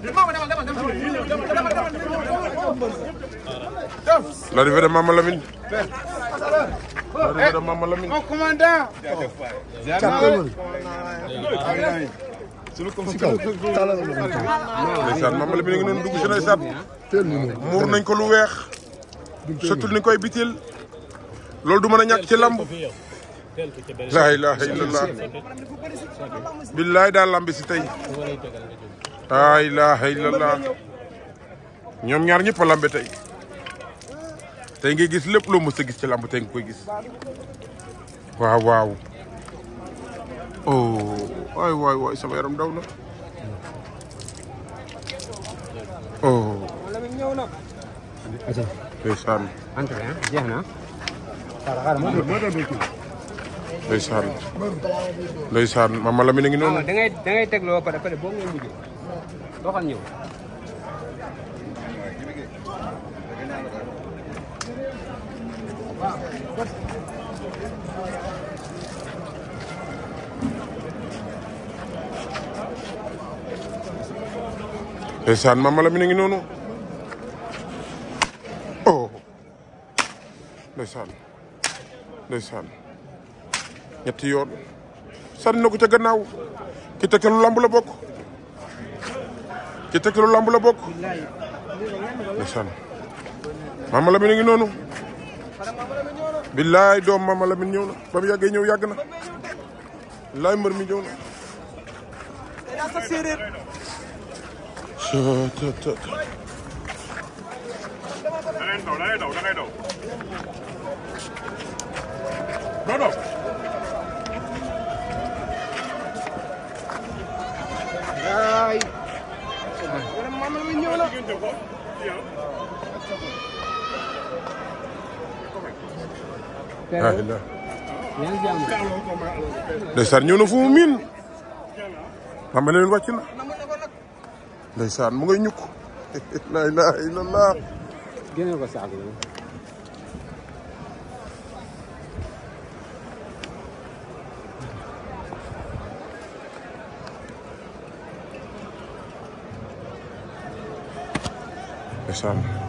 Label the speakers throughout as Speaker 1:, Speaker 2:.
Speaker 1: L'arrivée de Maman Lamine. L'arrivée de Maman Lamine. Oh commandant. ndeysaan Mama Lamine ngi noonu dugg si ndeysaan muur nañ ko lu weex sotul ni koy bitil loolu du mën a ñàkk ci illallah Billahi daal lamb laa ilaha illallah ñoom ñaar ñëpp a lambe tey tey ngay gis lépp loo mës gis ci lamb tey nga koy gis waaw waaw oh waay waay waay sama yaram daw na oh. ndeysaan ndeysaan ndeysaan mama Lamine ngi noonu. Ah, da teg loo pare pare boo ngay mujjee doxal ñëw ndeysaan mama la mi nono. oh ndeysaan ndeysaan ñetti yoon sànni na ko ca gannaaw ki tekkalu lamb la bokk ci tëkkalu lamb la bokk. ndeysaan Mama Lamine a ngi noonu. billaay doom Mama Lamine ñëw na ba mu yàggee ñëw yàgg na. laay mbër mi ñëw na. Ay. ndeysaan ñëw na fu mu miin xam nga leen wàcc na ndeysaan mu ngay ñukk la ilaha illallah or something.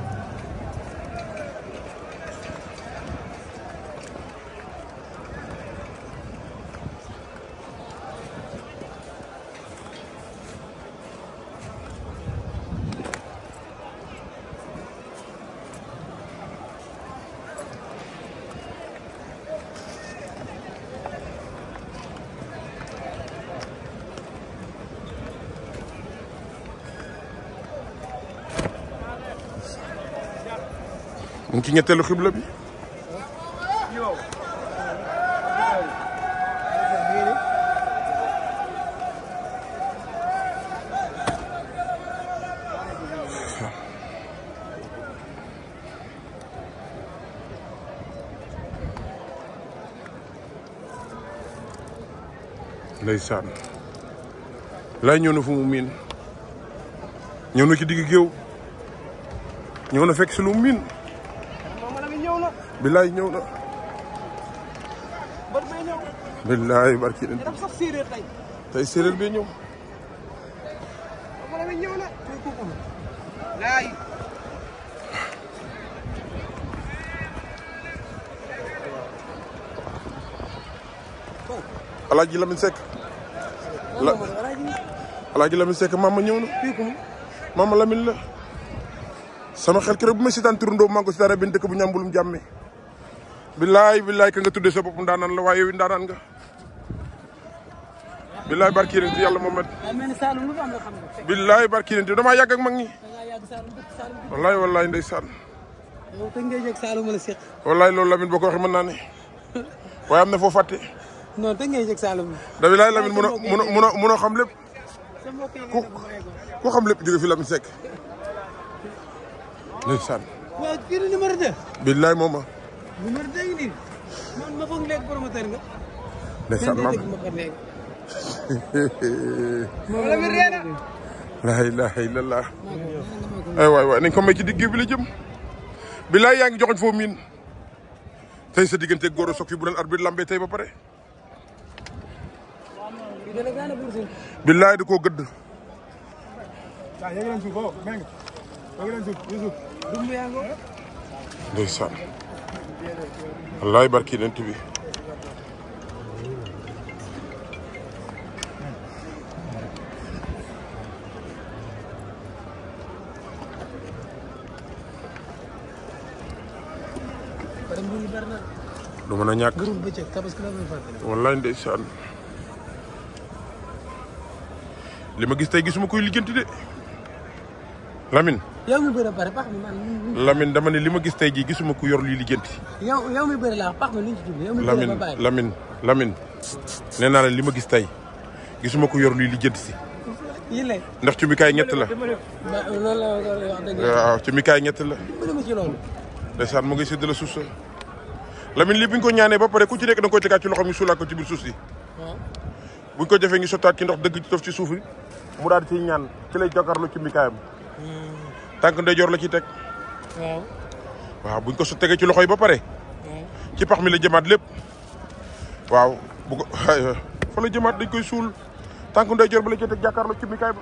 Speaker 1: mu ngi ci ñetteelu xibla bi. ndeysaan lay ñëw na fu mu miin ñëw ci digg géew Ñu na fekk si lu mu miin billaay ñëw na. bët bay ñëw. billaay barki leen. dafa sax séeréer tay tay séeréer bi ñëw. wala ñëw na. laay. Alaaji Lamine sek la Alaaji Lamine sek mama ñëw na. maama Lamine la. sama xel kërëb bu ma si daan turandoo maa ngi ko si daan benn dëkk bu ñàmbulum jamme Bilai bilai ka nga tuddee sa bopum ndaanaan la waaye yow ndaanaan nga billaay barki yéen ya ci yàlla Mohamed billaay barki yéen damaa yàgg ak mag ñi wallahi wallaay ndeysaan wallaay loolu Lamine boko ko waxee mën naa ne waaye am na non te ngey jek salum da billaay Lamine mënoo mënoo xam lépp ku xam lepp jóge fi Lamine Seck ndeysaan waaw kii numéro 2 billaay mooma numéro bi day nii nga. ko may ci digg bi la yaa ngi joxoñ foo miin. tey sa diggante góor a soog fi bu doon arbitre tey ba pare. bilaay da koo gëdd. Allah barki nant bi du mën a ñàkk wallaay ndeysaan gis tey gisuma koy lijjanti de Lamine yow mi bëre bëre dama ne li ma gis tey jii gisuma ku yor luy lijjanti. yow yow mi bëre naa li ma gis tey gisuma ku yor luy lijjanti si. yile ndax ci ñett la. loolu la wax dëgg waaw ci mikaay ñett la. dama ci loolu. ndeysaan mu ngi séddale suuf sa. Lamine lii bu ñu ko ñaanee ba pare ku ci nekk da nga ci loxo mi suulaat ko ci biir suuf si. bu ñu ko jafee ngi sottaat ci ndox dëgg ci suuf yi mu daal di ñaan ci lay jokkarlu ci mikaayam. Hmm. tank ndey jor la ci tek waaw. waaw buñ ko su tege ci loxoy ba paré ci pax mi la jëmat lepp waaw bu ko fa la jëmat dañ koy sul tank ndey jor ba la ci tek jakarlo ci mikaay ba.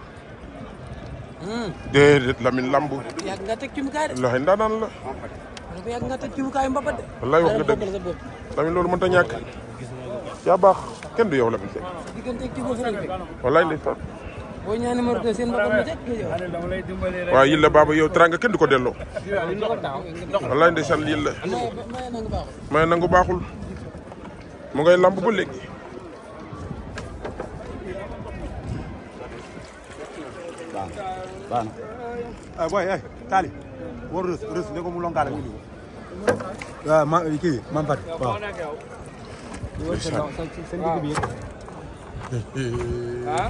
Speaker 1: hmm déedéet Lamine Lamb. yàgg nga tek ci mikaay de. loxo ndaanaan la. yàgg nga tek ci mikaay mbaba de. wallahi wax nga dëgg Lamine mën ta ñak ya bax kenn du yow Lamine Seck. diggante ak ci wallaay ndeysaan boo ñaan numéro deux seen mbokk ma jëkk yow waaw yilla baaba yow teranga kenn du ko delloo wallaay ndeysaan yilla may nangu baaxul mu ngay lamb ba ay boy ay tali wor rus rus ne ko mu lonkaale mu wa ma ki man pat waaw ha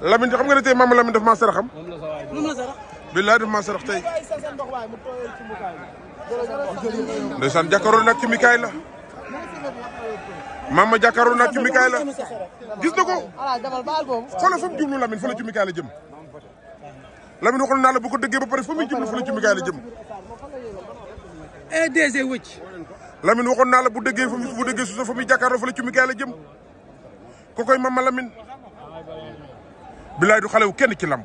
Speaker 1: Lamine xam nga ne tey maam Lamine daf maa saraxam. moom la sarax. billaay daf maa sarax tey. ndeysaan jàkkaaroo nag ci mikaay la. ma jàkkaaroo nag ci mikaay la. gis na ko. xoolal fa mu jublu Lamine fa la ci mikaay la jëm. Lamine waxoon la bu ko dëggee ba pare fa muy jublu fa la ci mikaay la jëm. EDG wëcc. Lamine waxoon naa la bu dëggee fa bu dëggee suuf fa muy jàkkaaroo fa la la jëm. ko koy maam Lamine. bilaay du xale wu kenn ci lamb.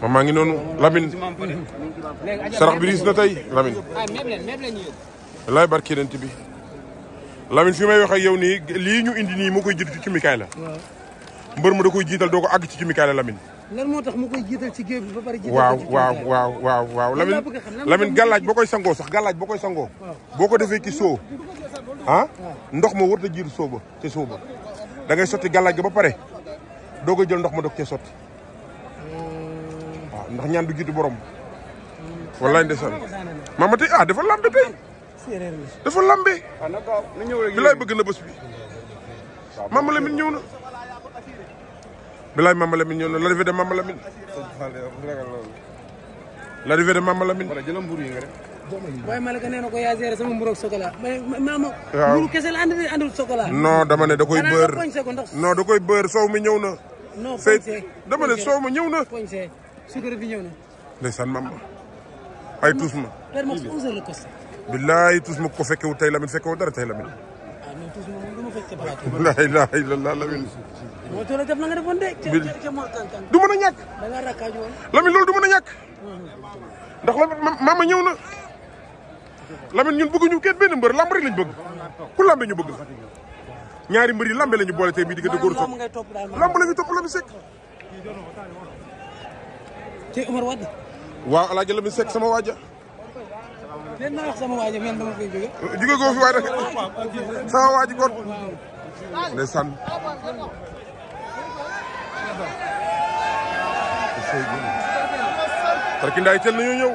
Speaker 2: waaw maa ngi noonu Lamine
Speaker 1: sarax bi na tey Lamine. bilaay barki dent bi Lamine fi may wax ak yow nii ñu indi nii moo koy jiitu ci Mikaay mu da koy jiital doo ko àgg ci ci Mikaay la Lamine. mu koy jiital ci géej bi ba pare. jiital waaw waaw waaw waaw waaw Lamine Lamine gàllaaj boo koy sangoo sax gàllaaj boo koy sangoo. boo ko defee ci soo. ah ndox ma warut a jiitu sooba te sooba da ngay soti galaj ba pare dogo jël ndox ma doog cee sotti waaw ndax ñaan du jitu borom. wallahi ndeysaan mamati ah dafa lambe tay dafa lambe bilay bëgg na bëss bi mam la min ñew na bilay mam la min ñew na la rivé de mam la min la rivé de mam la min wala jëlam yi nga rek waaye Malika nee na ko yaa géré sama mburu ak chocolat mais maama. mburu kese la andi andul chocolat. non dama da koy bër non da koy bër soow mi ñëw na. non poñsee dama ne soow ma ñëw na. poñsee tuus ma. la kos. billaay ko fekkewul tey Lamine fekkewu dara tey Lamine. ah non tuus ma moom du ma fekke balaa. la ilaha illallah la nga ndax la mama ñëw na. Lamine ñun ñu kenn benn mbeur lamb rek lañ bëgg ku lambe ñu bëgg ñaari mbeur yi lambe lañu bolé té bi diggante góor soog lamb lañu top Lamine Seck té Omar wa Lamine sama sama waaja men dama fay sama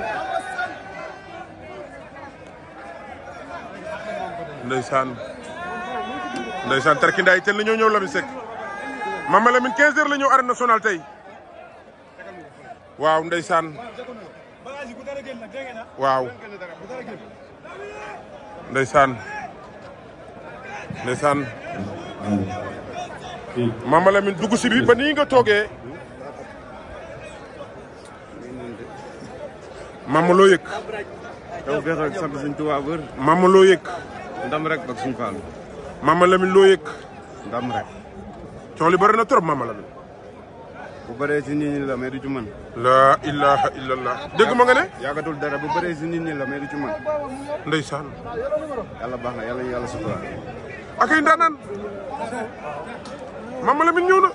Speaker 1: ndeysaan ndeysaan tarkindaa yi teel na ñoo ñëw Lamine Seck Mama Lamine 15 heures waaw ndeysaan waaw ndeysaan ndeysaan Mama Lamine ba nii nga toogee mama loo yëg. ndam rek ak suñu faalu mama lamine loo yëg ndam rek coow li bëri na trop mama lamine bu bare ci nit ñi la mais du ci man la ilaha illallah dégg ma nga ne ya nga dul dara bu bare ci nit ñi la mais du ci man ndeysaan yalla baax na yalla yàlla sutura ak ay ndanan mama lamine ñëw na